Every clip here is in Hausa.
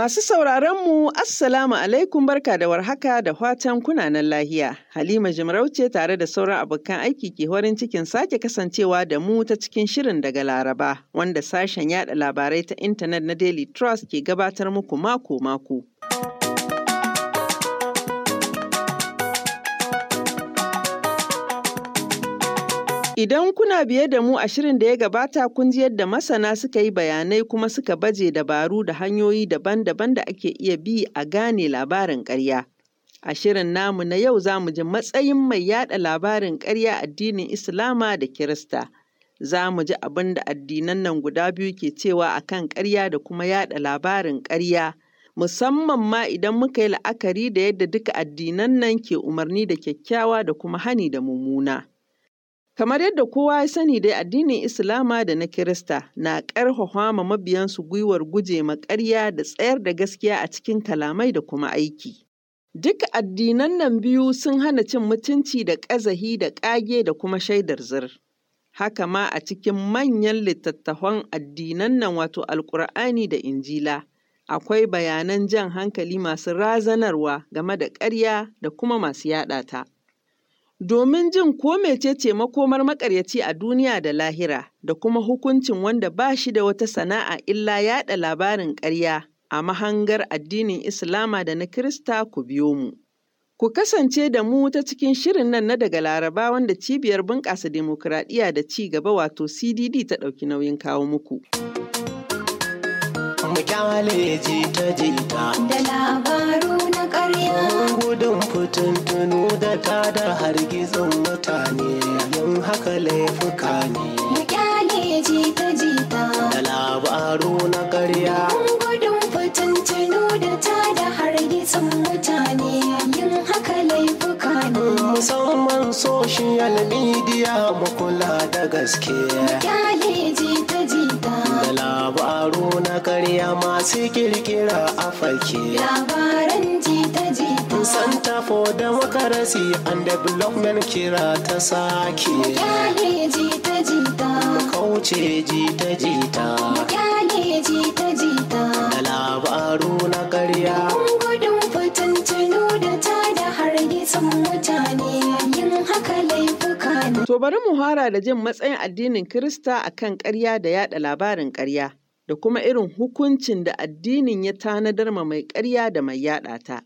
Masu sauraronmu, Assalamu alaikum barka da warhaka da fatan kunanan lahiya. Halima Jimarauce tare da sauran abokan aiki ke horin cikin sake kasancewa da mu ta cikin shirin daga Laraba, wanda sashen yada labarai ta intanet na Daily Trust ke gabatar muku mako-mako. Idan kuna biye da mu a shirin da ya gabata kun ji yadda masana suka yi bayanai kuma suka baje dabaru da hanyoyi daban-daban da ake iya bi a gane labarin ƙarya. A shirin namu na yau za mu ji matsayin mai yaɗa labarin ƙarya addinin Islama da Kirista. Za mu ji abin da addinan nan guda biyu ke cewa a kan ƙarya da kuma yaɗa labarin ƙarya. Musamman ma idan muka yi la'akari da yadda duka addinan nan ke umarni da kyakkyawa da kuma hani da mummuna. Kamar yadda kowa ya sani dai addinin Islama da na Kirista na ƙarfafa ma mabiyansu gwiwar ma ƙarya da tsayar da gaskiya a cikin kalamai da kuma aiki. Duka addinan nan biyu sun hana cin mutunci da ƙazahi da ƙage da kuma shaidar zir. Haka ma a cikin manyan littattafan addinan nan wato Alƙur'ani da Injila akwai bayanan jan hankali masu razanarwa game da ƙarya da kuma masu yaɗa ta. domin jin ko mecece makomar maƙaryaci a duniya da lahira da kuma hukuncin wanda ba shi da wata sana'a illa yaɗa labarin ƙarya a mahangar addinin Islama da na Kirista ku biyo mu. Ku kasance da mu ta cikin shirin nan na daga Laraba wanda cibiyar bunƙasa demokuraɗiyya da ci gaba wato CDD ta ɗauki nauyin kawo muku. Mu ta da labaru gudun fitintunu da tada hargitsin mutane yin haka laifuka ne mukyale jita jita da labaru na karya gudun fitintunu da tada mutane yin haka laifuka ne musamman social media kula da gaske mukyale da labaru na karya masu kirkira a fake labaran ji santa for democracy and development kira ta sake. Kyale jita jita. Kauce jita jita. jita jita. Da labaru na karya. Gudun fitin tunu da ta da hargitsin mutane yin haka laifuka To bari mu hara da jin matsayin addinin Kirista akan karya da yada labarin karya. da kuma irin hukuncin da addinin ya tanadar ma mai karya da mai yaɗa ta.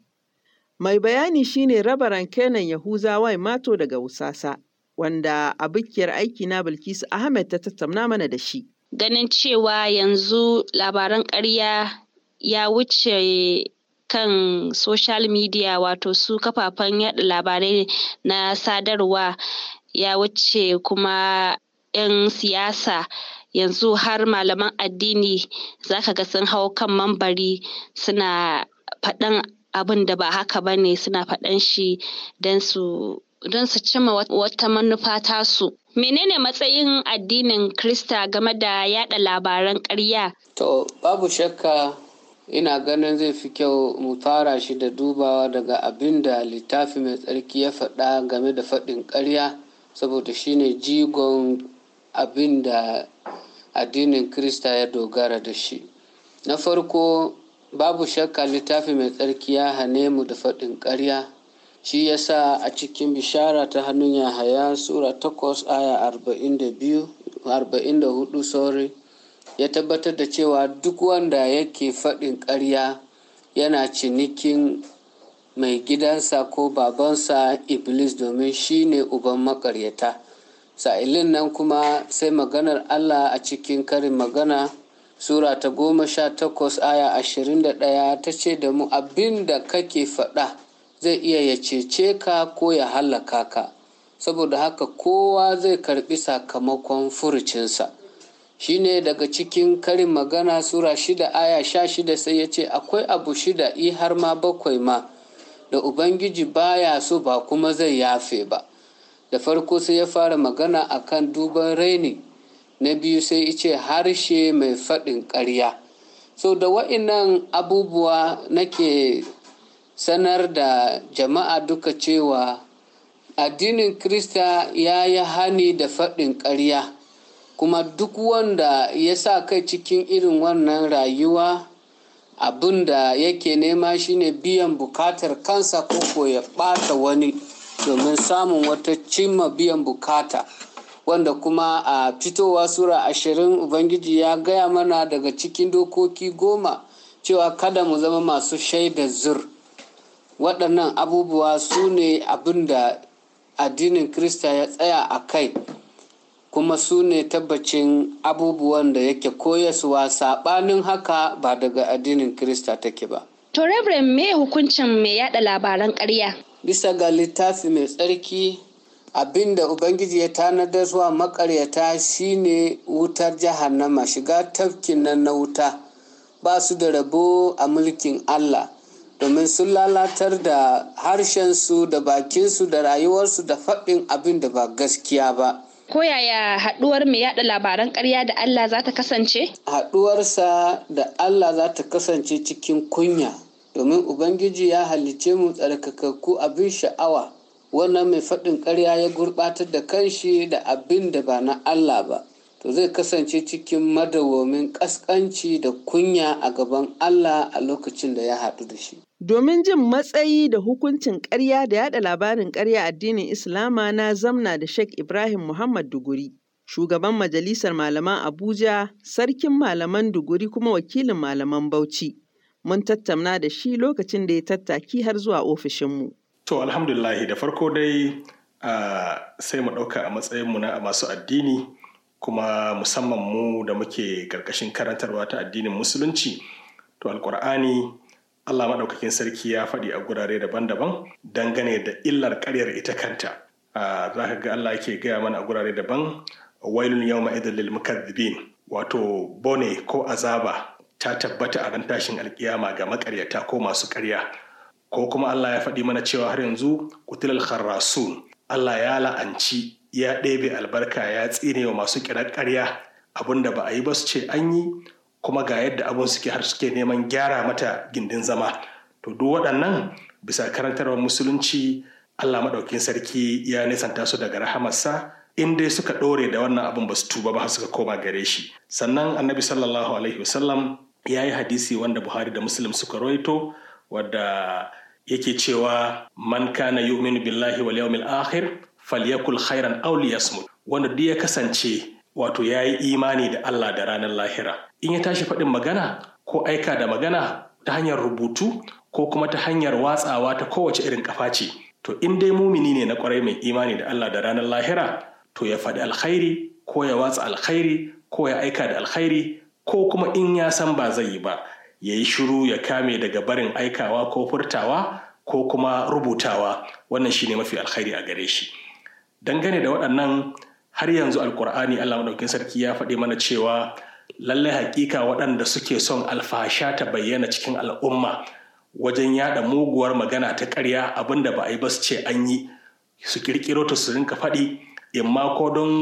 Mai bayani shi ne Rabaran Kenan Yahuza mato daga Wusasa, wanda a aiki aikina Bilkisu Ahmed ta tattauna mana da shi. Ganin cewa yanzu labaran ƙarya ya wuce kan social media wato su kafafen yada labarai na sadarwa ya wuce kuma 'yan siyasa yanzu har malaman addini zaka ga sun hau kan mambari suna faɗan abin da ba haka ba ne suna faɗan shi don su don cimma wata manufa tasu. Menene matsayin addinin Krista game da yada labaran karya? To, babu shakka ina ganin zai fi kyau mu fara shi da dubawa daga abin da littafi mai tsarki ya faɗa game da faɗin karya saboda shine jigon abin da addinin Krista ya dogara da shi. Na farko babu shakka littafi mai tsarki ya hane mu da faɗin ƙarya shi ya sa a cikin bishara ta hannun yahaya sura 8 aya 44 sorry ya tabbatar da cewa duk wanda yake faɗin ƙarya yana cinikin mai gidansa ko babansa iblis domin shi ne uban makaryata sa'ilin nan kuma sai maganar allah a cikin karin magana Sura ta goma sha takwas aya ashirin da ɗaya ta ce da mu abin da kake faɗa zai iya ya cece ka ko ya hallaka ka, saboda haka kowa zai karɓi sakamakon furucinsa. Shi ne daga cikin karin magana Sura shida aya sha shida sai ya ce akwai abu shida i har ma bakwai ma da Ubangiji baya so ba kuma zai yafe ba. Da farko sai ya fara magana akan duban raini. na biyu sai ice harshe mai faɗin ƙarya so da wa'innan abubuwa nake sanar da jama'a duka cewa addinin krista ya yi hani da faɗin ƙarya kuma duk wanda ya sa kai cikin irin wannan rayuwa abin da yake nema shine biyan bukatar kansa koko ya ɓata wani domin samun wata cimma biyan bukata. wanda kuma a fitowa sura ashirin ubangiji ya gaya mana daga cikin dokoki goma cewa kada mu zama masu shaida zur waɗannan abubuwa su ne abin da addinin krista ya tsaya a kai kuma su ne tabbacin abubuwan da yake koyaswa saɓanin haka ba daga addinin krista take ba to me hukuncin mai yada labaran ƙarya bisa ga littafi mai tsarki Abin da ubangiji ya tanadar zuwa makaryata shine wutar jahannama shiga tafkin nan na wuta ba su da rabo a mulkin allah domin sun lalatar da harshensu da bakinsu da rayuwarsu da faɗin abin da ba gaskiya ba ko yaya haɗuwar mai yaɗa labaran ƙarya da allah za ta kasance haɗuwarsa da allah za ta kasance cikin kunya domin ubangiji ya halice mu tsarkakakku abin sha'awa wannan mai faɗin ƙarya ya gurɓatar da kanshi da abin da ba na Allah ba to zai kasance cikin madawomin ƙasƙanci da kunya a gaban Allah a lokacin da ya haɗu da shi. Domin jin matsayi da hukuncin ƙarya da yaɗa labarin ƙarya addinin Islama na zamna da Sheikh Ibrahim Muhammad Duguri. shugaban majalisar malaman Abuja, sarkin malaman Duguri kuma wakilin malaman Bauchi. Mun tattauna da shi lokacin da ya tattaki har zuwa ofishinmu. To alhamdulillahi da farko dai sai mu ɗauka a matsayinmu na masu addini kuma musamman mu da muke ƙarƙashin karantarwa ta addinin musulunci to alƙur'ani Allah maɗaukakin sarki ya faɗi a gurare daban-daban dangane da illar ƙaryar ita kanta za ka ga Allah yake gaya mana a gurare daban wailun yau ma'idar lil wato bone ko azaba ta tabbata a ran tashin alkiyama ga maƙaryata ko masu ƙarya ko kuma Allah ya faɗi mana cewa har yanzu kutilal kharrasun Allah ya la'anci ya ɗebe albarka ya tsine wa masu kirar ƙarya abinda da ba a yi ba su ce an yi kuma ga yadda abin suke har suke neman gyara mata gindin zama to duk waɗannan bisa karantarwar musulunci Allah maɗaukin sarki ya nisanta su daga rahamarsa in dai suka ɗore da wannan abin ba su tuba ba suka koma gare shi sannan annabi sallallahu alaihi wasallam ya yi hadisi wanda buhari da muslim suka roito wadda yake cewa man kana yu'minu billahi wal yawmil akhir falyakul khairan aw liyasmut wanda duk ya kasance wato ya yi imani da Allah da ranar lahira in ya tashi faɗin magana ko aika da magana ta hanyar rubutu ko kuma ta hanyar watsawa ta kowace irin kafa ce to in dai mumini ne na kwarai mai imani da Allah da ranar lahira to ya faɗi alkhairi ko ya watsa alkhairi ko ya aika da alkhairi ko kuma in ya san ba zai yi ba ya yi shiru ya kame daga barin aikawa ko furtawa ko kuma rubutawa wannan shi ne mafi alkhairi a gare shi dangane da waɗannan har yanzu alkur'ani allah maɗaukin sarki ya faɗi mana cewa lallai hakika waɗanda suke son alfasha ta bayyana cikin al'umma wajen yada muguwar magana ta karya abinda ba a yi ba su ce an yi su kirkiro ta su rinka faɗi imma ko don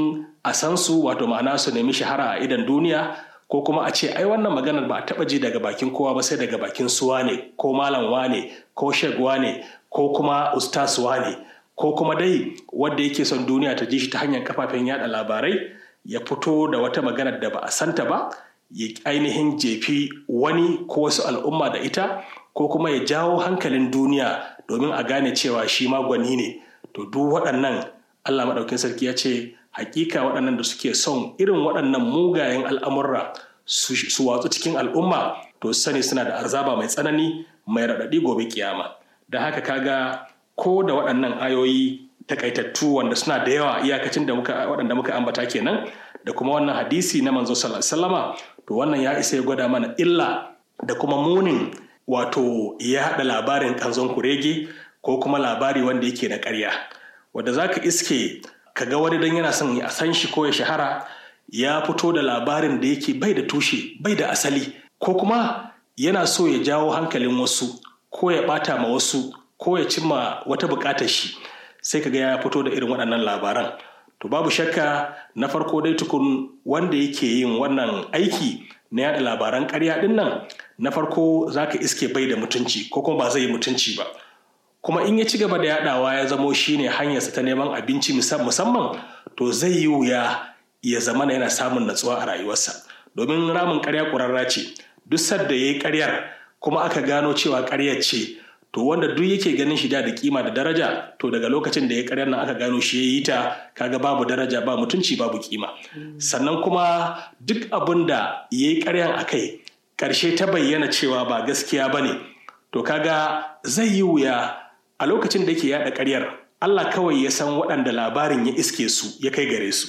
a san su wato ma'ana su nemi shahara a idon duniya ko kuma a ce ai wannan maganar ba a taɓa ji daga bakin kowa ba sai daga bakin suwa ne ko malamwa ne ko shagwa ne ko kuma ustasuwa ne ko kuma dai wanda yake son duniya ta ji shi ta hanyar kafafen yada labarai ya fito da wata maganar da ba a santa ba ya ainihin jefi wani ko wasu al'umma da ita ko kuma ya jawo hankalin duniya domin a gane cewa shi magwani ne to duk waɗannan allah maɗaukin sarki ya ce hakika waɗannan da suke son irin waɗannan mugayen al'amurra su watsu cikin al'umma to sani suna da azaba mai tsanani mai raɗaɗi gobe kiyama da haka kaga ko da waɗannan ayoyi takaitattu wanda suna da yawa iyakacin da muka waɗanda muka ambata kenan da kuma wannan hadisi na manzo sallama to wannan ya isa ya gwada mana illa da kuma munin wato ya haɗa labarin kanzon kurege ko kuma labari wanda yake na ƙarya wanda zaka iske Ka ga wani don yana son a san shi ko ya shahara ya fito da labarin da yake bai da tushe bai da asali ko kuma yana so ya jawo hankalin wasu ko ya bata ma wasu ko ya cimma wata bukatar shi sai ka ga ya fito da irin waɗannan labaran to babu shakka na farko dai tukun wanda yake yin wannan aiki na yada labaran karya dinnan na farko zaka iske bai da mutunci ko kuma ba zai yi mutunci ba kuma in ya ci gaba da yadawa ya zamo shine hanyarsa ta neman abinci musamman to zai yi wuya ya zama yana samun natsuwa a rayuwarsa domin ramin karya ƙurarra ce duk sadda ya yi karyar kuma aka gano cewa karyar ce to wanda duk yake ganin shi da da kima da daraja to daga lokacin da ya karyar nan aka gano shi ya yi ta kaga babu daraja ba mutunci babu kima sannan kuma duk abin da ya yi karyar a kai karshe ta bayyana cewa ba gaskiya ba ne to kaga zai yi wuya a lokacin da yake yada karyar Allah kawai ya san waɗanda labarin ya iske su ya kai gare su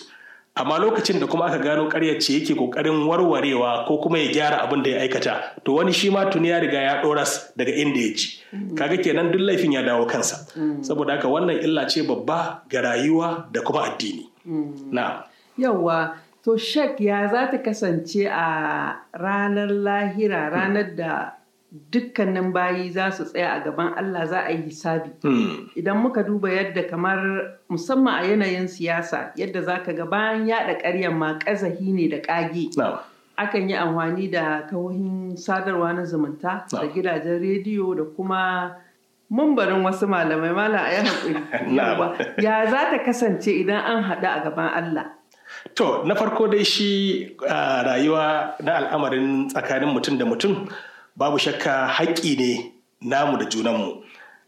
amma lokacin da kuma aka gano karyar ce yake kokarin warwarewa ko kuma ya gyara abin da ya aikata to wani shi ma tuni ya riga ya ɗoras, daga inda ya ji mm. kaga kenan duk laifin ya dawo kansa mm. saboda haka wannan illa ce babba ga rayuwa da kuma addini mm. na yawa to shek ya za ta kasance a ranar lahira ranar da dukkanin bayi za su tsaya a gaban Allah za a yi hisabi. Hmm. Idan muka duba yadda kamar musamman a yanayin siyasa yadda za ka ga bayan yaɗa ƙaryan ma ƙazahi ne da ƙage. Akan yi amfani da kawohin sadarwa na zumunta da gidajen rediyo da kuma mumbarin wasu malamai mala a Ya za ta kasance idan an haɗu a gaban Allah. To, na farko dai shi ah, rayuwa na al'amarin tsakanin mutum da mutum. babu shakka haƙƙi ne namu da junanmu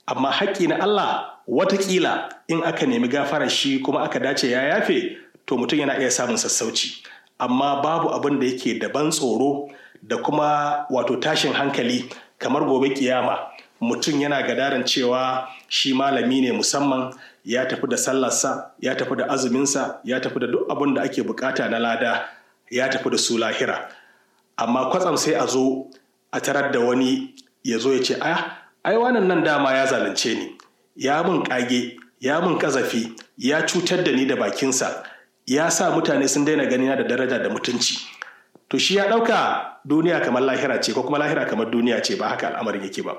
amma haƙƙi na Allah watakila in aka nemi gafarar shi kuma aka dace ya yafe to mutum yana iya samun sassauci amma babu abin da yake daban tsoro da kuma wato tashin hankali kamar gobe kiyama mutum yana gadaran cewa shi malami ne musamman ya tafi da sallarsa ya tafi da azuminsa ya tafi da duk abin da ake bukata na lada ya tafi da su lahira amma kwatsam sai a zo a tarar da wani ya zo ya ce a ai wannan nan dama ya zalunce ni ya mun kage ya mun kazafi ya cutar da ni da bakinsa ya sa mutane sun daina ganina da daraja da mutunci to shi ya ɗauka duniya kamar lahira ce ko kuma lahira kamar duniya ce ba haka al'amarin yake ba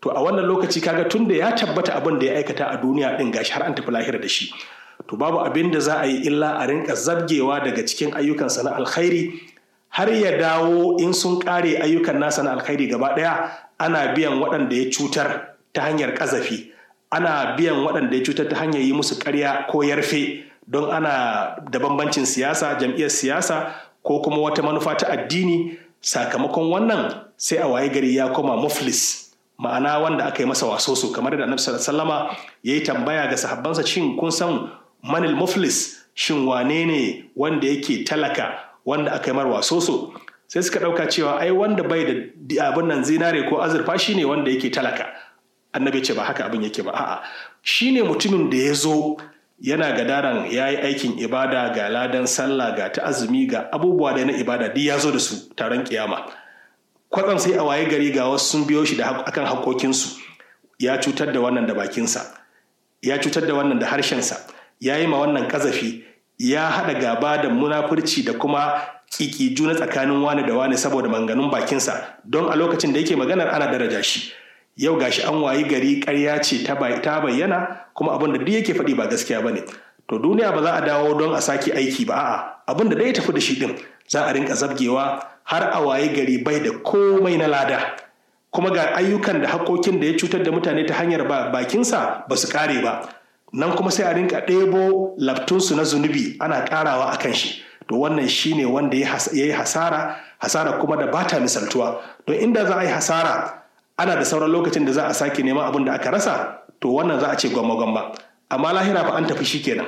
to a wannan lokaci kaga tun da ya tabbata abin da ya aikata a duniya din gashi har an tafi lahira da shi to babu abin da za a yi illa a rinka zabgewa daga cikin ayyukansa na alkhairi har ya dawo in sun kare ayyukan nasa na alkhairi gaba ɗaya ana biyan waɗanda ya cutar ta hanyar ƙazafi ana biyan waɗanda ya cutar ta hanyar yi musu ƙarya ko yarfe don ana da bambancin siyasa jam'iyyar siyasa ko kuma wata manufa ta addini sakamakon wannan sai a waye gari ya koma muflis ma'ana wanda aka yi masa waso su kamar da annabi sallama ya yi tambaya ga sahabbansa shin kun san manil muflis shin wane ne wanda yake talaka wanda aka yi marwa soso sai suka ɗauka cewa ai wanda bai da abin nan zinare ko azurfa shi ne wanda yake talaka annabi ce ba haka abin yake ba a'a shi ne mutumin da ya zo yana gadaran ya yi aikin ibada ga ladan sallah ga ta azumi ga abubuwa da na ibada duk ya zo da su taron kiyama kwatsam sai a waye gari ga wasu sun biyo shi da akan haƙoƙinsu ya cutar da wannan da bakinsa ya cutar da wannan da harshensa ya yi ma wannan kazafi ya haɗa gaba da munafurci da kuma kiki juna tsakanin wani da wani saboda manganun bakinsa don a lokacin da yake maganar ana daraja shi yau gashi an wayi gari karya ce ta bayyana kuma abin da duk yake faɗi ba gaskiya ba ne to duniya ba za a dawo don a sake aiki ba a'a abin da dai tafi da shi din za a rinka zabgewa har a wayi gari bai da komai na lada kuma ga ayyukan da hakokin da ya cutar da mutane ta hanyar bakinsa ba su kare ba nan kuma sai a rinka ɗebo laftunsu na zunubi ana ƙarawa a kan shi to wannan shi ne wanda ya yi hasara hasara kuma da ba ta misaltuwa don inda za a yi hasara ana da sauran lokacin da za a sake neman abin da aka rasa to wannan za a ce gwamma gwamma amma lahira ba an tafi shi kenan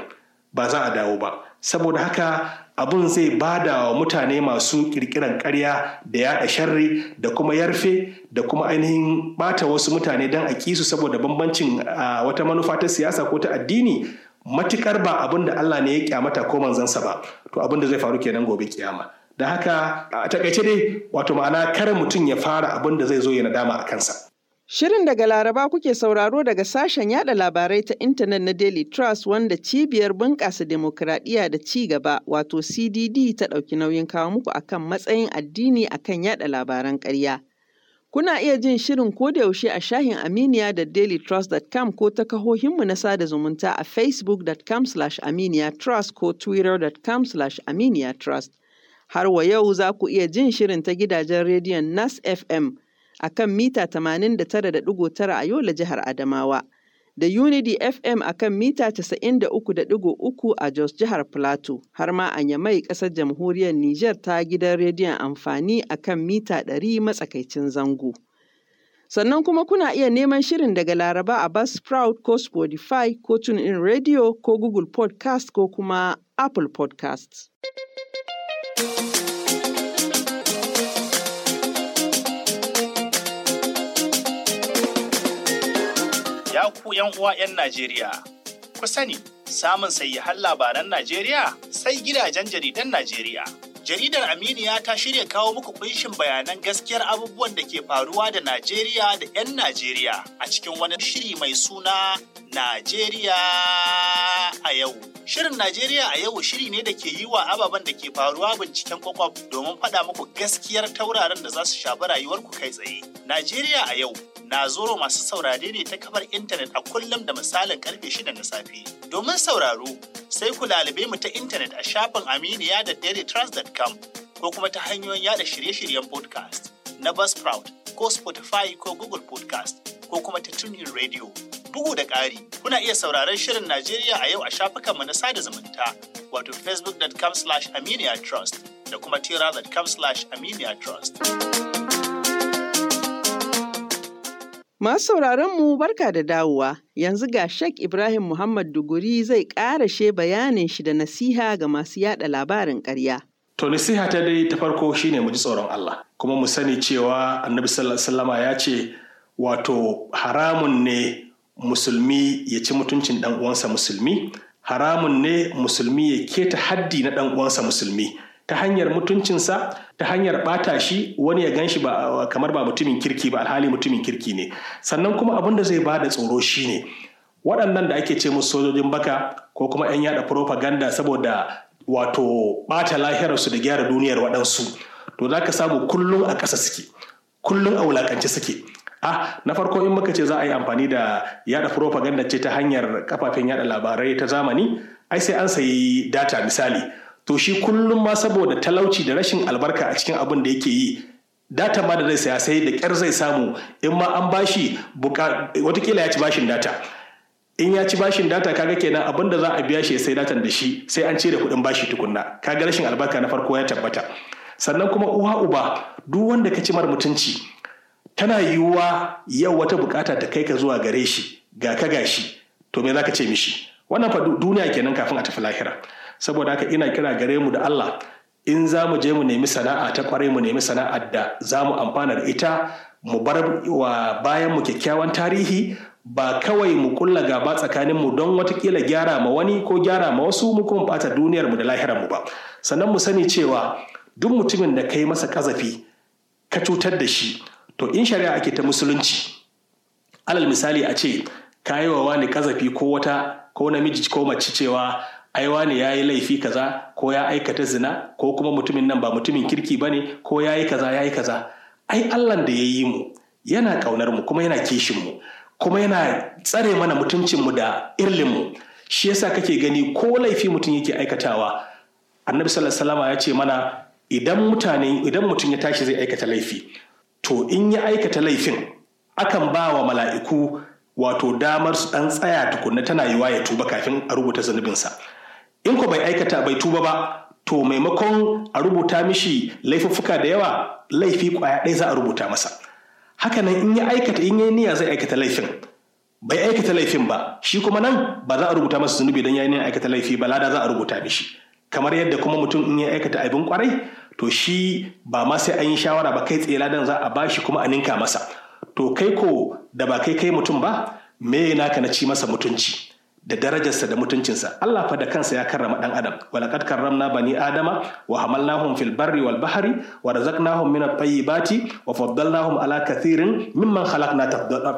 ba za a dawo ba saboda haka abun zai bada wa mutane masu kirkiran karya da yada sharri da kuma yarfe da kuma ainihin bata wasu mutane don a kisu saboda bambancin wata manufa ta siyasa ko ta addini matukar ba abun da Allah ne ya kyamata ko manzansa ba to abin da zai faru kenan gobe kiyama da haka a takaice dai wato ma'ana kar mutum ya fara abin da zai zo ya nadama a kansa Shirin daga Laraba kuke sauraro daga sashen yada labarai ta intanet na Daily Trust wanda cibiyar bunƙasa demokuraɗiyya da ci gaba wato CDD ta ɗauki nauyin kawo muku akan matsayin addini akan yada labaran ƙarya. Kuna iya jin shirin ko da yaushe a shahin Aminiya da dailytrust.com ko ta kahohinmu na sada zumunta a facebookcom aminiyatrust ko twittercom aminiyatrust Har wa yau za ku iya jin shirin ta gidajen rediyon Nas FM. a kan mita 89.9 a Yola jihar Adamawa, da Unity FM a kan mita 93.3 a Jos jihar Plateau, har ma a Yamai ƙasar jamhuriyar Nijar ta gidan rediyon amfani a kan mita 100 matsakaicin zango. Sannan kuma kuna iya neman shirin daga Laraba a Buzzsprout ko Spotify ko TuneIn Radio ko Google Podcast ko kuma Apple podcast. ku ‘yan uwa ‘yan Najeriya. Ku sani, samun sayyahan labaran Najeriya sai gidajen jaridan Najeriya. Jaridar Aminiya ta shirya kawo muku kunshin bayanan gaskiyar abubuwan da ke faruwa da Najeriya da ‘yan Najeriya a cikin wani shiri mai suna Najeriya a yau. Shirin Najeriya a yau shiri ne da ke yi wa ababen da ke faruwa binciken kwakwaf domin faɗa muku gaskiyar tauraron da za su shafi ku kai tsaye. Najeriya a yau na zoro masu saurare ne ta kafar intanet a kullum da misalin karfe shida na safe. Domin sauraro sai ku lalube mu ta intanet a shafin aminiya da dailytrust.com ko kuma ta hanyoyin yada shirye-shiryen podcast na Buzzsprout ko Spotify ko Google podcast ko kuma ta tunin radio. Bugu da ƙari, kuna iya sauraron shirin Najeriya a yau a shafukanmu na sada zumunta, wato facebook.com slash trust da kuma tira.com slash trust. Masu sauraron mu barka da dawowa, yanzu ga Sheikh Ibrahim Muhammad Duguri zai ƙarashe bayanin shi da nasiha ga masu yada labarin ƙarya. To nasiha ta dai ta farko shine mu ji tsoron Allah kuma mu sani cewa Annabi sallallahu alaihi ya ce wato haramun ne musulmi ya ci mutuncin ɗan uwansa musulmi haramun ne musulmi ya keta haddi na ɗan uwansa musulmi ta hanyar mutuncinsa ta hanyar ɓata shi wani ya ganshi ba kamar ba mutumin kirki ba alhali mutumin kirki ne sannan kuma abin da zai bada tsoro shine waɗannan da ake ce musu sojojin baka ko kuma 'yan yada propaganda saboda wato ɓata lahirarsu da gyara duniyar waɗansu to za ka samu kullum a ƙasa suke kullum a wulaƙance suke Ah, na farko in muka ce za a yi amfani da yada propaganda ce ta hanyar kafafen yada labarai ta zamani, ai sai an sayi data misali. To shi kullum ma saboda talauci da rashin albarka a cikin abin da yake yi, data ma da zai saya sai da kyar zai samu in ma an bashi watakila ya ci bashin data. in ya ci bashin data kaga kenan abin da za a biya shi sai datan da shi sai an cire kuɗin bashi tukunna kaga rashin albarka na farko ya tabbata sannan kuma uwa uba duk wanda ka ci mara mutunci tana yiwuwa yau wata bukata ta kai ka zuwa gare shi ga ka gashi to me zaka ce mishi wannan fa duniya kenan kafin a tafi lahira saboda haka ina kira gare mu da Allah in za mu je mu nemi sana'a ta kware mu nemi sana'ar da za mu amfana da ita mu bar wa bayan mu kyakkyawan tarihi ba kawai mu kulla gaba tsakanin mu don watakila gyara ma wani ko gyara ma wasu mu kuma bata duniyar mu da lahirar mu ba sannan mu sani cewa duk mutumin da kai masa kazafi ka cutar da shi to in shari'a ake ta musulunci alal misali a ce ka yi wa wani kazafi ko wata ko namiji ko mace cewa ai wani ya yi laifi kaza ko ya aikata zina ko kuma mutumin nan ba mutumin kirki ba ne ko ya yi kaza ya yi kaza ai allan da ya yi mu yana ƙaunar mu kuma yana kishin mu kuma yana tsare mana mutuncin mu da irlin mu shi yasa kake gani ko laifi mutum yake aikatawa annabi sallallahu alaihi ya ce mana idan mutane idan mutum ya tashi zai aikata laifi to in yi aikata laifin akan ba wa mala'iku wato damar su ɗan tsaya tukunna tana yiwa ya tuba kafin a rubuta zunubinsa in ko bai aikata bai tuba ba to maimakon a rubuta mishi laifuffuka da yawa laifi kwaya ɗaya za a rubuta masa Haka nan in yi aikata in yi niyya zai aikata laifin bai aikata laifin ba shi kuma nan ba za a rubuta masa zunubi don ya yi aikata laifi ba lada za a rubuta mishi kamar yadda kuma mutum in ya aikata abin kwarai to shi ba ma sai an yi shawara ba kai tsira don za a ba shi kuma a ninka masa to kai ko da ba kai kai mutum ba me naka na ci masa mutunci da darajarsa da mutuncinsa Allah fa da kansa ya karrama ɗan adam walaqad karramna bani adama wa hamalnahum fil barri wal bahri wa razaqnahum min at-tayyibati wa faddalnahum ala kathirin mimman khalaqna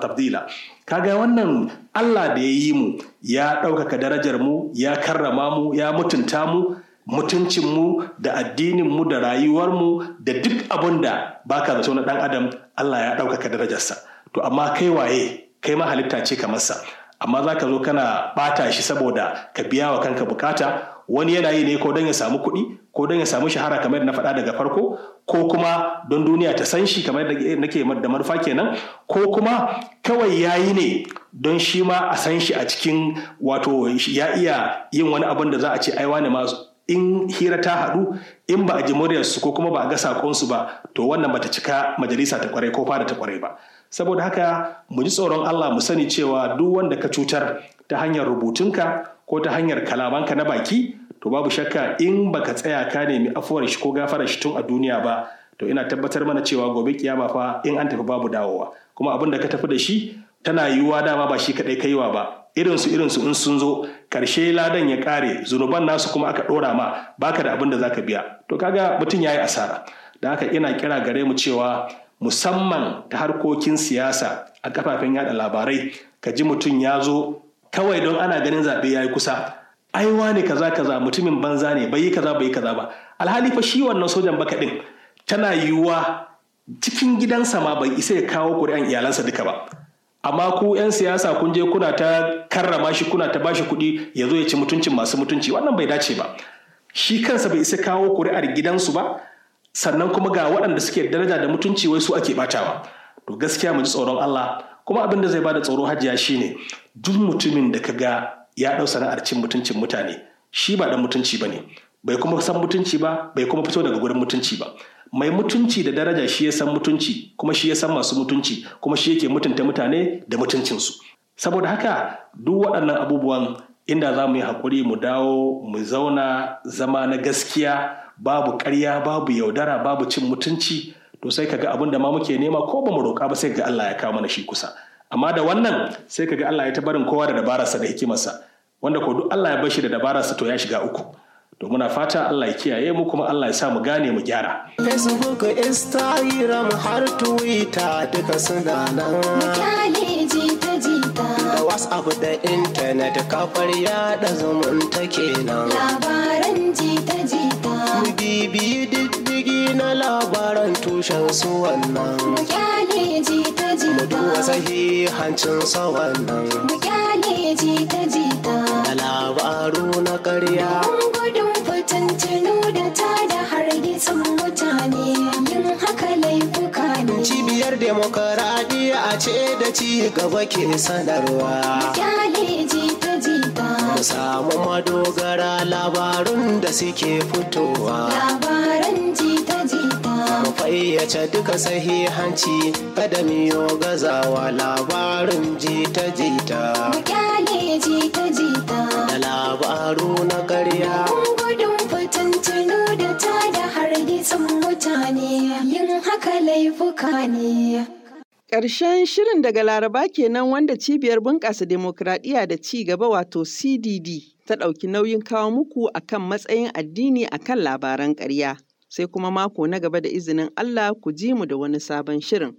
tabdila kaga wannan Allah da ya yi mu ya ɗaukaka darajar mu ya karrama mu ya mutunta mu mutuncinmu da addininmu da rayuwarmu da duk abin da baka zato na ɗan adam Allah ya ɗaukaka darajarsa to amma kai waye kai ma halitta ce kamar sa amma za ka zo kana ɓata shi saboda ka biya wa kanka bukata wani yana yi ne ko don ya samu kuɗi ko don ya samu shahara kamar yadda na faɗa daga farko ko kuma don duniya ta san shi kamar yadda nake da manufa kenan ko kuma kawai ya yi ne don shi ma a san shi a cikin wato ya iya yin wani abin da za a ce aiwa ne ma in hira ta haɗu in ba a ji muryarsu ko kuma ba a ga saƙonsu ba to wannan bata cika majalisa ta kwarai ko fada ta kwarai ba saboda haka mu ji tsoron Allah mu sani cewa duk wanda ka cutar ta hanyar rubutunka ko ta hanyar kalamanka na baki to babu shakka in baka tsaya ka nemi afuwar shi ko gafarar shi tun a duniya ba to ina tabbatar mana cewa gobe kiyama fa in an tafi babu dawowa kuma abin da ka tafi da shi tana yiwuwa dama ba shi kaɗai kaiwa ba irinsu irinsu in sun zo karshe ladan ya kare zunuban nasu kuma aka ɗora ma baka da abin da zaka biya to kaga mutum ya yi asara da haka ina kira gare mu cewa musamman ta harkokin siyasa a kafafen yada labarai ka ji mutum ya zo kawai don ana ganin zaɓe ya yi kusa ai wane kaza kaza mutumin banza ne bai yi kaza bai yi kaza ba alhali fa shi wannan sojan baka din tana yiwuwa cikin gidansa ma bai isa ya kawo ƙuri'an iyalansa duka ba amma ku 'yan siyasa kun je kuna ta karrama shi kuna ta bashi kuɗi ya zo ya ci mutuncin masu mutunci wannan bai dace ba shi kansa bai isa kawo kuri'ar gidansu ba sannan kuma ga waɗanda suke daraja da mutunci wai su ake batawa to gaskiya mu ji tsoron Allah kuma abin da zai bada tsoro hajiya shine duk mutumin da ka ga ya ɗau sana'ar cin mutuncin mutane shi ba dan mutunci ba ne bai kuma san mutunci ba bai kuma fito daga gurin mutunci ba mai mutunci da daraja shi ya san mutunci kuma shi ya san masu mutunci kuma shi yake mutunta mutane da mutuncinsu saboda haka duk waɗannan abubuwan inda za mu yi haƙuri mu dawo mu zauna zama na gaskiya babu ƙarya babu yaudara babu cin mutunci to sai kaga abin da ma muke nema ko ba mu roƙa ba sai ga Allah ya kawo mana shi kusa amma da wannan sai kaga Allah ya ta barin kowa da dabararsa da hikimarsa wanda ko duk Allah ya bar shi da dabararsa to ya shiga uku to muna fata Allah ya kiyaye mu kuma Allah ya sa mu gane mu gyara Facebook Instagram har Twitter duka suna nan jita jita da WhatsApp da internet kafar yada zumunta kenan labaran jita jita mu bibiyi diddigi na labaran tushen su wannan mu jita jita mu duba sahihancin sa wannan mu jita jita da labaru na ƙarya fitinu da ta da hargitsin mutane yin haka laifuka ne cibiyar demokaradiyya a ce da ci gaba ke sanarwa kyale jita jita mu samu madogara labarun da suke fitowa labaran jita jita mu fayyace duka sahihanci kada miyo gazawa labarin jita jita mu kyale jita jita da labaru na karya fitilu da ta da hargitsin mutane yin haka laifuka ne. Ƙarshen shirin daga Laraba kenan wanda cibiyar bunƙasa demokradiyya da ci gaba wato CDD ta ɗauki nauyin kawo muku akan matsayin addini akan labaran ƙarya. Sai kuma mako na gaba da izinin Allah ku ji mu da wani sabon shirin.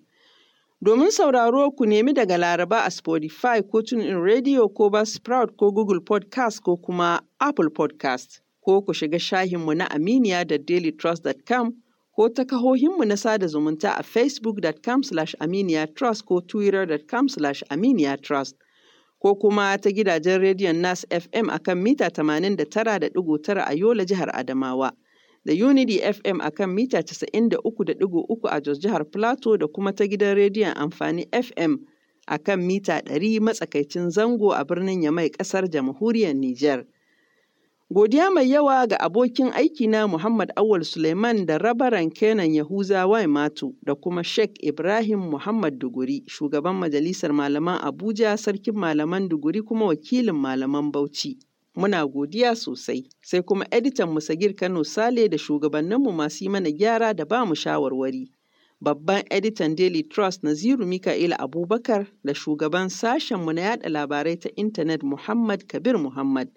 Domin sauraro ku nemi daga Laraba a Spotify ko TuneIn Radio ko Buzzsprout ko Google Podcast ko kuma Apple Podcast. ko ku shiga shahinmu na Aminiya da dailytrust.com ko ta kahohinmu na sada zumunta a facebook.com slash aminiyatrust ko twitter.com slash aminiyatrust ko kuma ta gidajen rediyon nas fm a kan mita 89.9 a yola jihar adamawa da unity fm a kan mita 93.3 a jos jihar plateau da kuma ta gidan rediyon amfani fm a kan mita 100 matsakaicin zango a birnin yamai kasar jamhuriyar niger. Godiya mai yawa ga abokin aikina Muhammad Auwal Suleiman da Rabaran Kenan Yahuza Matu da kuma Sheikh Ibrahim Muhammad Duguri, shugaban Majalisar Malaman Abuja, Sarkin Malaman Duguri kuma wakilin Malaman Bauchi. Muna godiya sosai, sai kuma editan Musagir Kano Sale da shugabanninmu masu yi mana gyara da ba mu shawarwari. Babban editan Daily Trust Naziru Mika'il Abubakar da shugaban sashenmu na yada labarai ta intanet Muhammad Kabir Muhammad.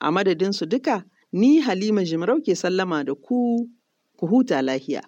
A madadin su duka, ni Halima Jimarau ke sallama da ku, ku huta lahiya.